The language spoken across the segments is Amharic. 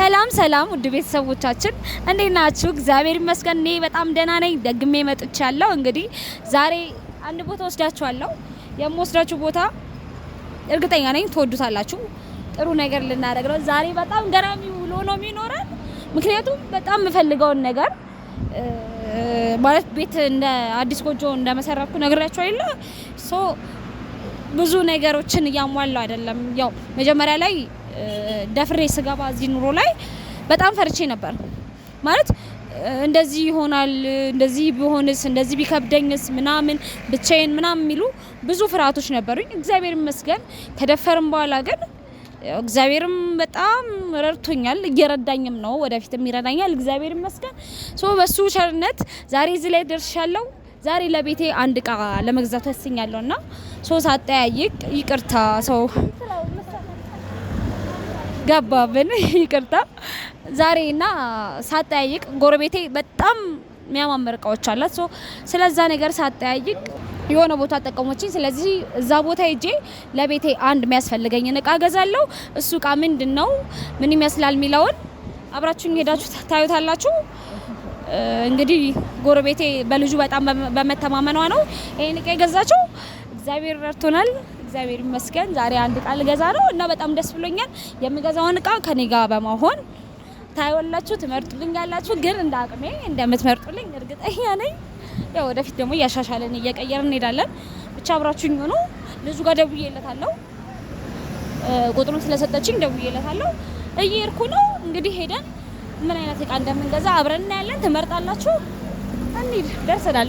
ሰላም ሰላም ውድ ቤተሰቦቻችን እንዴት ናችሁ? እግዚአብሔር ይመስገን እኔ በጣም ደህና ነኝ። ደግሜ መጥቻለሁ። እንግዲህ ዛሬ አንድ ቦታ ወስዳችኋለሁ። የምወስዳችሁ ቦታ እርግጠኛ ነኝ ትወዱታላችሁ። ጥሩ ነገር ልናደርግ ነው። ዛሬ በጣም ገራሚ ውሎ ነው የሚኖረን። ምክንያቱም በጣም የምፈልገውን ነገር ማለት ቤት እንደ አዲስ ጎጆ እንደመሰረኩ ነግራችሁ አይደለ ሶ ብዙ ነገሮችን እያሟላው አይደለም። ያው መጀመሪያ ላይ ደፍሬ ስገባ እዚህ ኑሮ ላይ በጣም ፈርቼ ነበር። ማለት እንደዚህ ይሆናል፣ እንደዚህ ቢሆንስ፣ እንደዚህ ቢከብደኝስ ምናምን ብቻዬን ምናምን የሚሉ ብዙ ፍርሃቶች ነበሩኝ። እግዚአብሔር ይመስገን ከደፈርም በኋላ ግን እግዚአብሔርም በጣም ረድቶኛል፣ እየረዳኝም ነው፣ ወደፊትም ይረዳኛል። እግዚአብሔር ይመስገን። ሶ በሱ ቸርነት ዛሬ እዚህ ላይ ደርሻለሁ። ዛሬ ለቤቴ አንድ እቃ ለመግዛት ወስኛለሁ እና ሶ ሳጠያይቅ ይቅርታ ሰው ገባብን። ይቅርታ ዛሬ እና ሳጠያይቅ ጎረቤቴ በጣም የሚያማምር እቃዎች አላት። ስለዛ ነገር ሳጠያይቅ የሆነ ቦታ ጠቀሞችኝ። ስለዚህ እዛ ቦታ ሄጄ ለቤቴ አንድ የሚያስፈልገኝ እቃ ገዛለሁ። እሱ እቃ ምንድን ነው፣ ምን ይመስላል የሚለውን አብራችሁ ሄዳችሁ ታዩታላችሁ። እንግዲህ ጎረቤቴ በልጁ በጣም በመተማመኗ ነው ይህን እቃ የገዛችው። እግዚአብሔር ረድቶናል። እግዚአብሔር ይመስገን። ዛሬ አንድ እቃ ልገዛ ነው እና በጣም ደስ ብሎኛል። የምገዛውን እቃ ከኔ ጋር በመሆን ታይወላችሁ፣ ትመርጡልኝ ያላችሁ ግን እንደ አቅሜ እንደምትመርጡልኝ እርግጠኛ ነኝ። ያው ወደፊት ደግሞ እያሻሻለን እየቀየርን እንሄዳለን። ብቻ አብራችሁኝ ሆኖ ልጁ ጋር ደውዬለታለሁ፣ ቁጥሩን ስለሰጠችኝ ደውዬለታለሁ። እየሄድኩ ነው እንግዲህ ሄደን ምን አይነት እቃ እንደምንገዛ አብረን እናያለን። ትመርጣላችሁ። እንሂድ። ደርሰናል።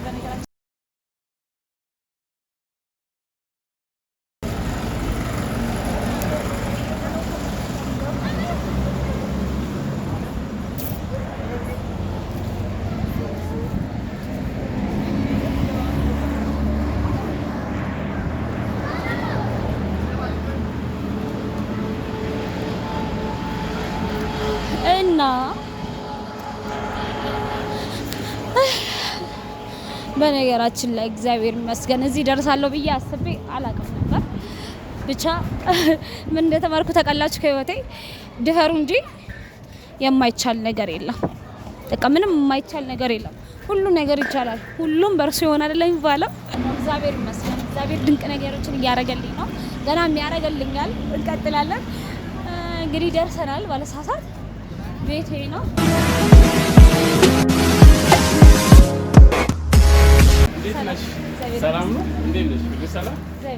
በነገራችን ላይ እግዚአብሔር ይመስገን እዚህ ደርሳለሁ ብዬ አስቤ አላቅም ነበር። ብቻ ምን እንደተማርኩ ተቀላችሁ ከህይወቴ። ድፈሩ እንጂ የማይቻል ነገር የለም። በቃ ምንም የማይቻል ነገር የለም። ሁሉ ነገር ይቻላል። ሁሉም በእርሱ ይሆናል አይደለም የሚባለው። እግዚአብሔር ይመስገን። እግዚአብሔር ድንቅ ነገሮችን እያረገልኝ ነው። ገና የሚያረገልኛል። እንቀጥላለን። እንግዲህ ደርሰናል። ባለሳሳት ቤቴ ነው።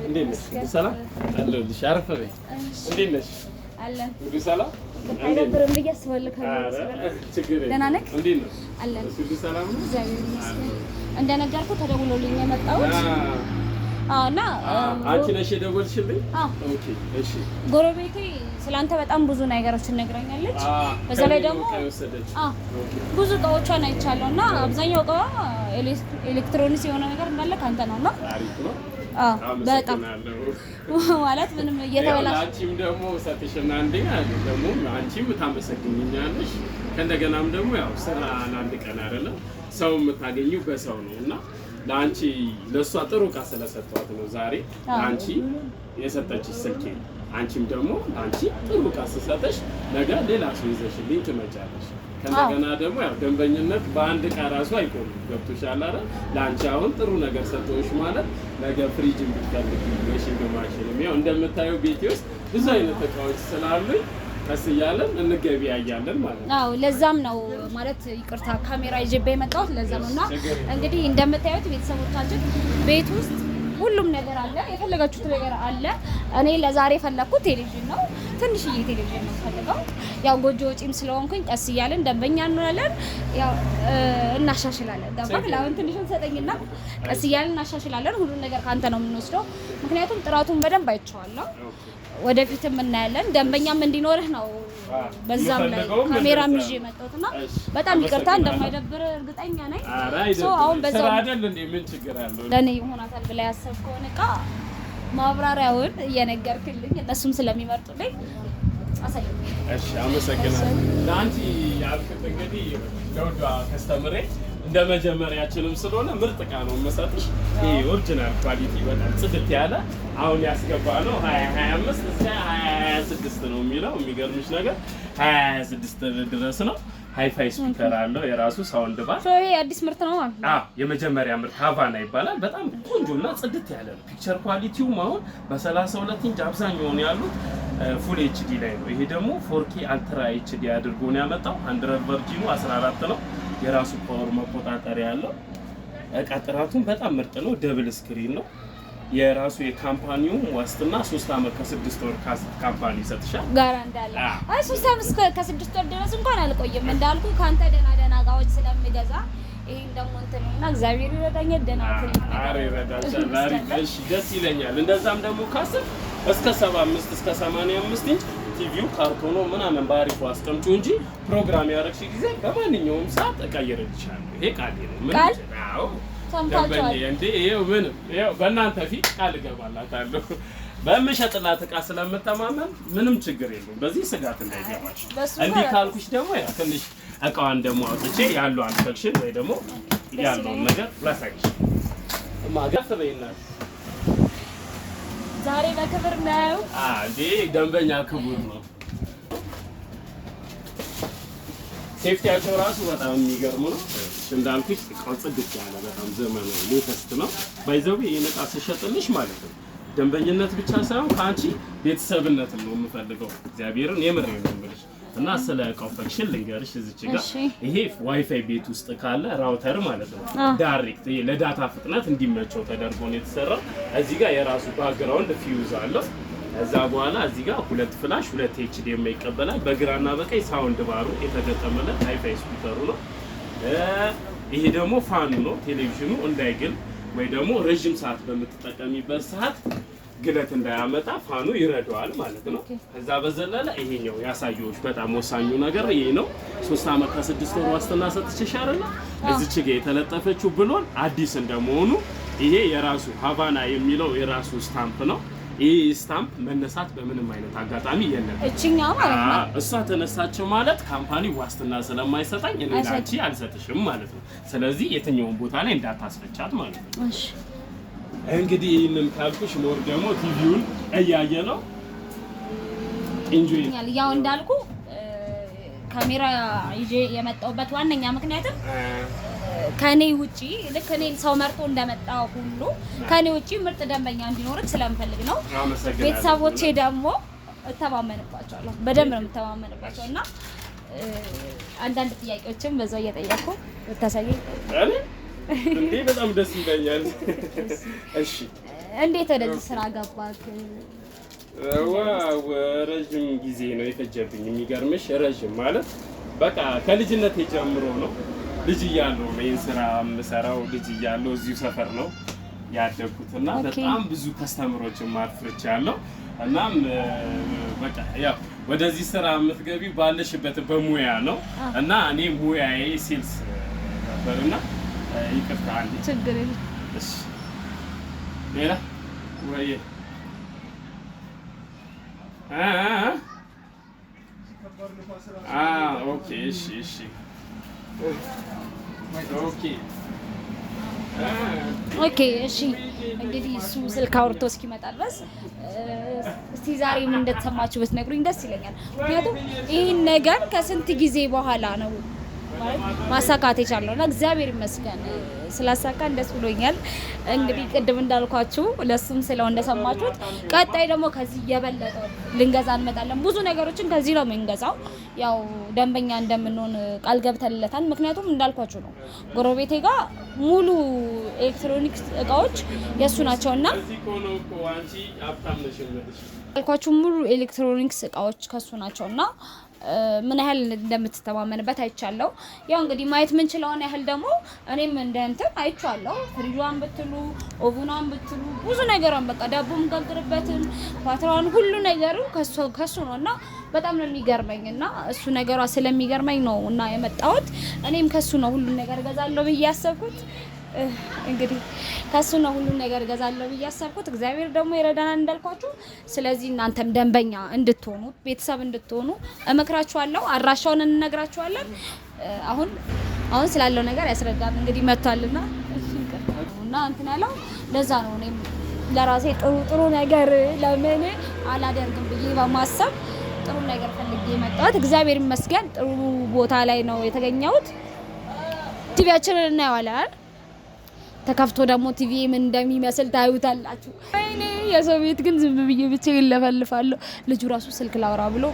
እንዴት ነሽ? ሰላም አለሁልሽ። አረፍ በይ። እንዴት ነሽ? አለን ሰላም አይደብርም ተደውሎልኝ የመጣሁት እና አንቺ ነሽ የደወልሽልኝ? ጎረቤቴ ስለአንተ በጣም ብዙ ነገሮችን ነግራኛለች። በዛ ላይ ደግሞ ብዙ እቃዎቿን አይቻለሁ እና አብዛኛው እቃዋ ኤሌክትሮኒክስ የሆነ ነገር እንዳለ ካንተ ነው እና በጣም ማለት ምንም እየተበላሽ አንቺም ደግሞ ሰጥሽና አንዴ ደግሞ አንቺም ታመሰግኝኛለሽ። ከእንደገናም ደግሞ ያው ስራ ለአንድ ቀን አይደለም ሰው የምታገኙ በሰው ነው እና ለአንቺ ለእሷ ጥሩ እቃ ስለሰጠኋት ነው ዛሬ ለአንቺ የሰጠችሽ ስልኬ። አንቺም ደግሞ ለአንቺ ጥሩ እቃ ስሰጠሽ ነገ ሌላ ሰው ይዘሽልኝ ትመጫለሽ። ከእንደገና ደግሞ ያው ደንበኝነት በአንድ ዕቃ ራሱ አይቆምም። ገብቶሻል አይደል? ለአንቺ አሁን ጥሩ ነገር ሰጥቶሽ ማለት ነገ ፍሪጅ ብትፈልግ ወሽንግ ማሽንም ያው እንደምታየው ቤቴ ውስጥ ብዙ አይነት እቃዎች ስላሉኝ ቀስ እያለን እንገበያያለን ማለት ነው። አዎ ለዛም ነው ማለት ይቅርታ ካሜራ ይዤ የመጣሁት ለዛ ነው። እና እንግዲህ እንደምታዩት ቤተሰቦቻችን ቤት ውስጥ ሁሉም ነገር አለ፣ የፈለጋችሁት ነገር አለ። እኔ ለዛሬ የፈለግኩት ቴሌቪዥን ነው። ትንሽዬ ቴሌቪዥን ነው ፈልገው። ያው ጎጆ ወጪም ስለሆንኩኝ ቀስ እያለን ደንበኛ እንሆናለን፣ ያው እናሻሽላለን። ገባህ? ለአሁን ትንሽን ሰጠኝና ቀስ እያለን እናሻሽላለን። ሁሉን ነገር ከአንተ ነው የምንወስደው፣ ምክንያቱም ጥራቱን በደንብ አይቼዋለሁ። ወደፊትም እናያለን። ደንበኛም እንዲኖርህ ነው። በዛም ላይ ካሜራ ይዤ የመጣሁት እና በጣም ይቅርታ እንደማይደብር እርግጠኛ ነኝ። አሁን በዛው ለእኔ ይሆናታል ብላ ያሰብከውን እቃ ማብራሪያውን እየነገርክልኝ እነሱም ስለሚመርጡልኝ አሳየው። እሺ፣ አመሰግናለሁ። ለአንቺ ያልክት እንግዲህ ለወዷ ከስተምሬ እንደ መጀመሪያችንም ስለሆነ ምርጥ እቃ ነው የምሰጥሽ። ይህ ኦሪጂናል ኳሊቲ በጣም ጽድት ያለ አሁን ያስገባ ነው። ሀያ ሀያ አምስት እስከ ሀያ ሀያ ስድስት ነው የሚለው የሚገርምሽ ነገር ሀያ ሀያ ስድስት ድረስ ነው ሃይፋይ ስፒከር አለው የራሱ ሳውንድ ባር። ይሄ አዲስ ምርት ነው ማለት ነው። የመጀመሪያ ምርት ሀቫና ይባላል። በጣም ቆንጆና ጽድት ያለ ነው። ፒክቸር ኳሊቲውም አሁን በ32 ኢንች አብዛኛውን ያሉት ፉል ኤችዲ ላይ ነው። ይሄ ደግሞ ፎርኬ አልትራ ኤችዲ አድርጎ ነው ያመጣው። አንድረድ ቨርጂኑ 14 ነው። የራሱ ፓወር መቆጣጠሪያ ያለው እቃ ጥራቱም በጣም ምርጥ ነው። ደብል ስክሪን ነው። የራሱ የካምፓኒው ዋስትና ሶስት አመት ከስድስት ወር ካምፓኒ ይሰጥሻል። ጋራ እንዳለ አይ ሶስት አመት ከስድስት ወር ድረስ እንኳን አልቆይም እንዳልኩ ከአንተ ደህና ደህና እቃዎች ስለምገዛ ይሄን ደግሞ እንትን እና እግዚአብሔር ይረዳኛል። ደህና ኧረ ይረዳሻል። አሪፍ እሺ፣ ደስ ይለኛል። እንደዛም ደግሞ ከአስር እስከ ሰባ አምስት እስከ ሰማንያ አምስት ኢንች ቲቪው ካርቶኖ ምናምን በአሪፉ አስቀምጪ እንጂ ፕሮግራም ያደረግሽ ጊዜ በማንኛውም ሰዓት እቀይርልሻለሁ። ይሄ ቃል ነው ምን ቃል ደንበኛዬ እንደ ይኸው ምንም በእናንተ ፊት ቃል እገባላታለሁ። በምሸጥላት ስለምተማመን ምንም ችግር የለውም። በዚህ ስጋት እንዳይገባሽ። እንዲህ ካልኩሽ ደግሞ ያው ትንሽ ዕቃዋን ደግሞ አውጥቼ ያሉ አንፈልሽን ወይ ደግሞ ያለውን ነገር ላሳይሽ። ማገፍ በይና ዛሬ በክብር ነው። አዎ ደንበኛ ክቡር ነው። ሴፍቲያቸው ራሱ በጣም የሚገርም ነው። እንዳልኩሽ እቃው ጽድቅ ያለ በጣም ዘመናዊ ሌተስት ነው። ባይዘው ይህን እቃ ስሸጥልሽ ማለት ነው ደንበኝነት ብቻ ሳይሆን ከአንቺ ቤተሰብነት ነው የምፈልገው። እግዚአብሔርን የምር ነው ብልሽ እና ስለ እቃው ፈክሽን ልንገርሽ። እዚች ጋር ይሄ ዋይፋይ ቤት ውስጥ ካለ ራውተር ማለት ነው ዳይሬክት ለዳታ ፍጥነት እንዲመቸው ተደርጎ ነው የተሰራው። እዚህ ጋር የራሱ ባክግራውንድ ፊውዝ አለው። ከዛ በኋላ እዚህ ጋር ሁለት ፍላሽ ሁለት ኤችዲኤም ይቀበላል። በግራና በቀኝ ሳውንድ ባሩ የተገጠመለት ሃይፋይ ስፒከሩ ነው። ይሄ ደግሞ ፋኑ ነው። ቴሌቪዥኑ እንዳይግል ወይ ደግሞ ረዥም ሰዓት በምትጠቀሚበት ሰዓት ግለት እንዳያመጣ ፋኑ ይረዳዋል ማለት ነው። ከዛ በዘለለ ይሄኛው ያሳየዎች በጣም ወሳኙ ነገር ይሄ ነው። ሶስት አመት ከስድስት ወር ዋስትና ሰጥቼሻልና እዚች ጋ የተለጠፈችው ብሎን አዲስ እንደመሆኑ ይሄ የራሱ ሀቫና የሚለው የራሱ ስታምፕ ነው። ይህ ስታምፕ መነሳት በምንም አይነት አጋጣሚ የለም። እችኛው ማለት ነው። እሷ ተነሳችው ማለት ካምፓኒ ዋስትና ስለማይሰጠኝ እኔ ላንቺ አልሰጥሽም ማለት ነው። ስለዚህ የትኛውን ቦታ ላይ እንዳታስፈቻት ማለት ነው። እንግዲህ ይህንን ካልኩሽ ኖር ደግሞ ቲቪውን እያየ ነው ኢንጆይኛል። ያው እንዳልኩ ካሜራ ይዤ የመጣሁበት ዋነኛ ምክንያትም ከኔ ውጪ ልክ እኔ ሰው መርጦ እንደመጣ ሁሉ ከኔ ውጪ ምርጥ ደንበኛ እንዲኖርክ ስለምፈልግ ነው። ቤተሰቦቼ ደግሞ እተማመንባቸዋለሁ፣ በደንብ ነው የምተማመንባቸው እና አንዳንድ ጥያቄዎችም በዛው እየጠየቅኩ ብታሳየኝ በጣም ደስ ይለኛል። እሺ፣ እንዴት ወደዚህ ስራ ገባክ? ዋው ረዥም ጊዜ ነው የፈጀብኝ። የሚገርምሽ ረዥም ማለት በቃ ከልጅነት የጀምሮ ነው ልጅ እያለሁ ነው ይህን ስራ የምሰራው። ልጅ እያለሁ እዚሁ ሰፈር ነው ያደግኩት እና በጣም ብዙ ከስተምሮችን ማፍርቻ ያለው እናም በቃ ያው ወደዚህ ስራ የምትገቢ ባለሽበት በሙያ ነው እና እኔ ሙያዬ ሴልስ ነበርና ይቅርታ አለ ችግር የለም። እሺ ሌላ ወይ አ ኦኬ እሺ እሺ ኦኬ እሺ እንግዲህ እሱ ስልክ አውርቶ እስኪመጣ ድረስ እስቲ ዛሬ ምን እንደተሰማችሁ ብትነግሩኝ ደስ ይለኛል። ምክንያቱም ይህን ነገር ከስንት ጊዜ በኋላ ነው ማለት ማሳካት የቻልነው እና እግዚአብሔር ይመስገን ስላሳካ ደስ ብሎኛል። እንግዲህ ቅድም እንዳልኳችሁ ለሱም ስለው እንደሰማችሁት፣ ቀጣይ ደግሞ ከዚህ የበለጠ ልንገዛ እንመጣለን። ብዙ ነገሮችን ከዚህ ነው የምንገዛው። ያው ደንበኛ እንደምንሆን ቃል ገብተንለታል። ምክንያቱም እንዳልኳችሁ ነው ጎረቤቴ ጋር ሙሉ ኤሌክትሮኒክስ እቃዎች የእሱ ናቸውና እንዳልኳችሁ ሙሉ ኤሌክትሮኒክስ እቃዎች ከሱ ናቸውና ምን ያህል እንደምትተማመንበት አይቻለሁ። ያው እንግዲህ ማየት የምንችለውን ያህል ደግሞ እኔም እንደ እንትን አይቻለሁ። ፍሪጇን ብትሉ ኦቭኗን ብትሉ ብዙ ነገሯን በቃ ዳቦም ጋግርበትን ፓትራውን ሁሉ ነገሩ ከሱ ነው እና በጣም ነው የሚገርመኝ እና እሱ ነገሯ ስለሚገርመኝ ነው እና የመጣሁት እኔም ከሱ ነው ሁሉ ነገር እገዛለሁ ብዬ ያሰብኩት። እንግዲህ ከሱ ነው ሁሉን ነገር እገዛለሁ ብዬ ያሰብኩት እግዚአብሔር ደግሞ ይረዳናል እንዳልኳችሁ። ስለዚህ እናንተም ደንበኛ እንድትሆኑ ቤተሰብ እንድትሆኑ እመክራችኋለሁ። አድራሻውን እንነግራችኋለን። አሁን አሁን ስላለው ነገር ያስረዳል። እንግዲህ መጥቷልና እና እንትን ያለው ለዛ ነው እኔም ለራሴ ጥሩ ጥሩ ነገር ለምን አላደርግም ብዬ በማሰብ ጥሩ ነገር ፈልጌ መጣሁት። እግዚአብሔር ይመስገን ጥሩ ቦታ ላይ ነው የተገኘሁት። ቲቪያችንን እናየዋለን። ተከፍቶ ደግሞ ቲቪ ምን እንደሚመስል ታዩታላችሁ። ወይኔ የሰው ቤት ግን ዝም ብዬ ብቻ ይለፈልፋለሁ። ልጁ ራሱ ስልክ ላውራ ብሎ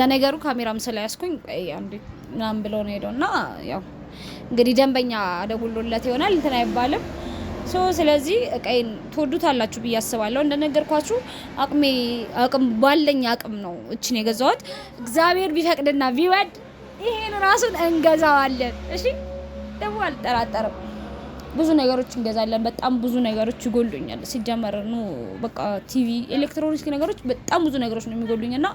ለነገሩ ካሜራም ያስኩኝ ምናምን ብሎ ነው ሄደው እና ያው እንግዲህ ደንበኛ ደውሎለት ይሆናል እንትን አይባልም። ሶ ስለዚህ እቃዬን ትወዱታላችሁ ብዬ አስባለሁ። እንደነገርኳችሁ አቅሜ አቅም ባለኝ አቅም ነው እችን የገዛሁት። እግዚአብሔር ቢፈቅድና ቢወድ ይሄን ራሱን እንገዛዋለን። እሺ ደግሞ አልጠራጠርም። ብዙ ነገሮች እንገዛለን። በጣም ብዙ ነገሮች ይጎሉኛል። ሲጀመር ነው በቃ ቲቪ፣ ኤሌክትሮኒክስ ነገሮች በጣም ብዙ ነገሮች ነው የሚጎሉኝ እና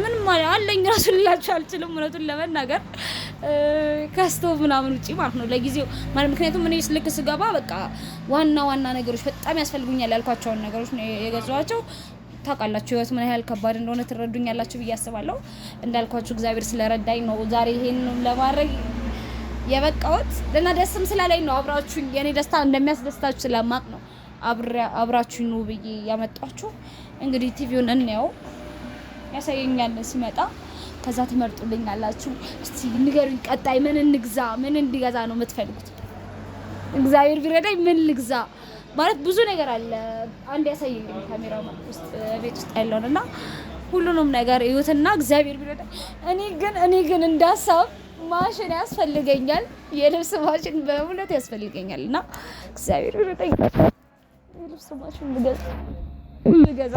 ምንም አለኝ ራሱ ልላችሁ አልችልም፣ እውነቱን ለመናገር ከስቶቭ ምናምን ውጪ ማለት ነው ለጊዜው ማለት ምክንያቱም እኔ ስልክ ስገባ በቃ ዋና ዋና ነገሮች በጣም ያስፈልጉኛል ያልኳቸውን ነገሮች ነው የገዛኋቸው። ታውቃላችሁ ህይወት ምን ያህል ከባድ እንደሆነ ትረዱኛላችሁ ብዬ አስባለሁ። እንዳልኳችሁ እግዚአብሔር ስለረዳኝ ነው ዛሬ ይሄን ለማድረግ የበቃሁት ለና ደስም ስላለኝ ነው። አብራችሁኝ የኔ ደስታ እንደሚያስደስታችሁ ስለማቅ ነው አብራችሁኝ ነው ብዬ ያመጣችሁ። እንግዲህ ቲቪውን እንየው ያሳየኛል ሲመጣ። ከዛ ትመርጡልኝ አላችሁ። እስቲ ንገሩኝ፣ ቀጣይ ምን እንግዛ፣ ምን እንዲገዛ ነው የምትፈልጉት? እግዚአብሔር ቢረዳኝ ምን ልግዛ ማለት ብዙ ነገር አለ። አንድ ያሳየኝ ካሜራው ውስጥ ቤት ውስጥ ያለውን እና ሁሉንም ነገር እዩትና እግዚአብሔር ቢረዳኝ እኔ ግን እኔ ግን እንዳሳብ ማሽን ያስፈልገኛል። የልብስ ማሽን በእውነት ያስፈልገኛል እና እግዚአብሔር ይረዳኝ የልብስ ማሽን ልገዛ እንግዲህ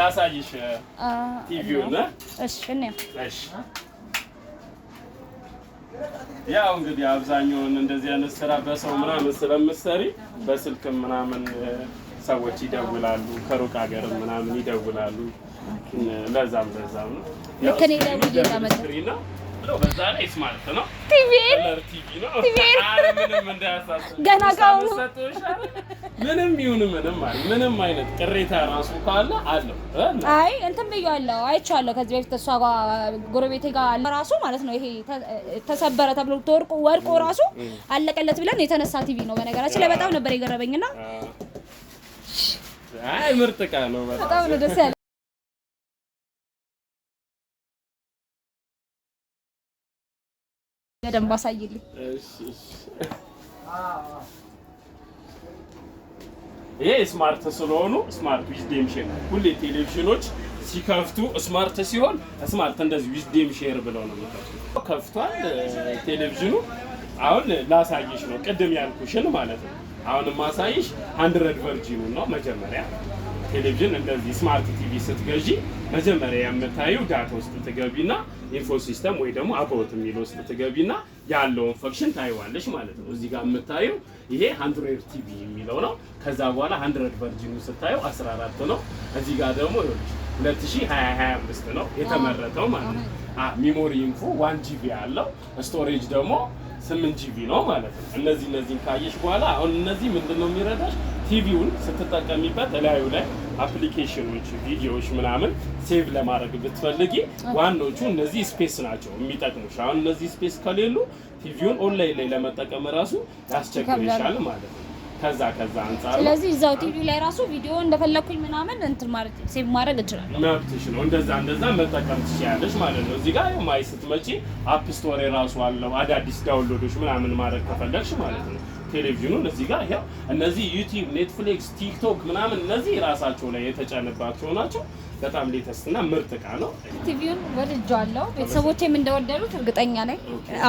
ላሳይሽ ቲቪውን። እሺ እሺ። ያው እንግዲህ አብዛኛውን እንደዚህ አይነት ስራ በሰው ምናምን ስለምትሰሪ በስልክም ምናምን ሰዎች ይደውላሉ፣ ከሩቅ ሀገር ምናምን ይደውላሉ። ለዛም ለዛም ነው ልከኔ ደውዬ ላመሰሪ ነው። በዛ ገና ከአሁኑ ምንም ይሁን ምንም ምንም አይነት ቅሬታ ራሱ ካለ አለው። አይ እንትን ብያለሁ፣ ከዚህ በፊት እሷ ጎረቤቴ ጋር ራሱ ማለት ነው ይሄ ተሰበረ ተብሎ ተወርቆ ወርቆ ራሱ አለቀለት ብለን የተነሳ ቲቪ ነው። በነገራችን ላይ በጣም ነበር የገረመኝና አይ ምርጥ ዕቃ ነው። በጣም ነው ደስ ያለ በደንብ አሳይልኝ። ይሄ ስማርት ስለሆኑ ስማርት ዊዝደም ሼር ሁሌ ቴሌቪዥኖች ሲከፍቱ ስማርት ሲሆን ስማርት እንደዚህ ዊዝደም ሼር ብለው ነው የሚከፍቱ። ከፍቷል ቴሌቪዥኑ። አሁን ላሳይሽ ነው ቅድም ያልኩሽን ማለት ነው አሁን ማሳይሽ ሀንድረድ ቨርጂኑ ነው። መጀመሪያ ቴሌቪዥን እንደዚህ ስማርት ቲቪ ስትገዢ መጀመሪያ የምታዩ ዳታ ውስጥ ትገቢና ኢንፎ ሲስተም ወይ ደግሞ አባውት የሚል ውስጥ ትገቢና ያለውን ፈንክሽን ታይዋለሽ ማለት ነው። እዚህ ጋር የምታዩ ይሄ ሀንድረድ ቲቪ የሚለው ነው። ከዛ በኋላ ሀንድረድ ቨርጂኑ ስታዩ 14 ነው። እዚህ ጋር ደግሞ 2025 ነው የተመረተው ማለት ነው። ሚሞሪ ኢንፎ ዋን ጂቢ አለው ስቶሬጅ ደግሞ ስምንት ጂቪ ነው ማለት ነው። እነዚህ እነዚህን ካየሽ በኋላ አሁን እነዚህ ምንድን ነው የሚረዳሽ ቲቪውን ስትጠቀሚበት እላዩ ላይ አፕሊኬሽኖች፣ ቪዲዮዎች ምናምን ሴቭ ለማድረግ ብትፈልጊ ዋናዎቹ እነዚህ ስፔስ ናቸው የሚጠቅሙሽ። አሁን እነዚህ ስፔስ ከሌሉ ቲቪውን ኦንላይን ላይ ለመጠቀም ራሱ ያስቸግርሻል ማለት ነው። ከዛ ከዛ አንጻር ስለዚህ እዛው ቲቪ ላይ ራሱ ቪዲዮ እንደፈለኩኝ ምናምን እንትን ማለት ሴቭ ማድረግ እችላለሁ። መብትሽ ነው። እንደዛ እንደዛ መጠቀም ትችያለሽ ማለት ነው። እዚህ ጋር የማይ ስትመጪ አፕ ስቶር የራሱ አለው አዳዲስ ዳውንሎዶች ምናምን ማድረግ ከፈለግሽ ማለት ነው። ቴሌቪዥኑን እዚህ ጋር ያው እነዚህ ዩቲዩብ፣ ኔትፍሊክስ፣ ቲክቶክ ምናምን እነዚህ ራሳቸው ላይ የተጫነባቸው ናቸው። በጣም ሌተስትና ምርጥ እቃ ነው። ቲቪውን ወድጃለሁ። ቤተሰቦቼም እንደወደዱት እርግጠኛ ነኝ።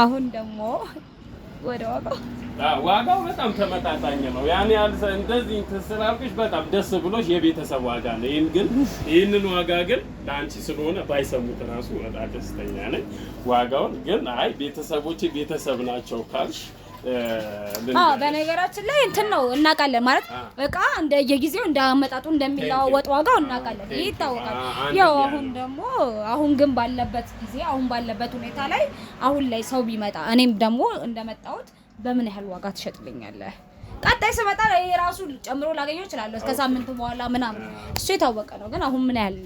አሁን ደግሞ ወደ ዋጋው ዋጋው በጣም ተመጣጣኝ ነው። ያን ያህል እንደዚህ ትስላልኩሽ በጣም ደስ ብሎሽ የቤተሰብ ዋጋ ነው። ይህን ግን ይህንን ዋጋ ግን ለአንቺ ስለሆነ ባይሰሙት እራሱ በጣም ደስተኛ ነኝ። ዋጋውን ግን አይ ቤተሰቦቼ ቤተሰብ ናቸው ካልሽ በነገራችን ላይ እንትን ነው እናውቃለን። ማለት እቃ እንደየጊዜው እንዳመጣጡ እንደሚለዋወጥ ዋጋው እናውቃለን። ይህ ይታወቃል። ያው አሁን ደግሞ አሁን ግን ባለበት ጊዜ አሁን ባለበት ሁኔታ ላይ አሁን ላይ ሰው ቢመጣ እኔም ደግሞ እንደመጣሁት በምን ያህል ዋጋ ትሸጥልኛለህ? ቀጣይ ስመጣ የራሱ ጨምሮ ላገኘው እችላለሁ ከሳምንት በኋላ ምናምን፣ እሱ የታወቀ ነው። ግን አሁን ምን ያህል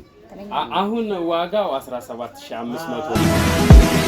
አሁን ዋጋው 17500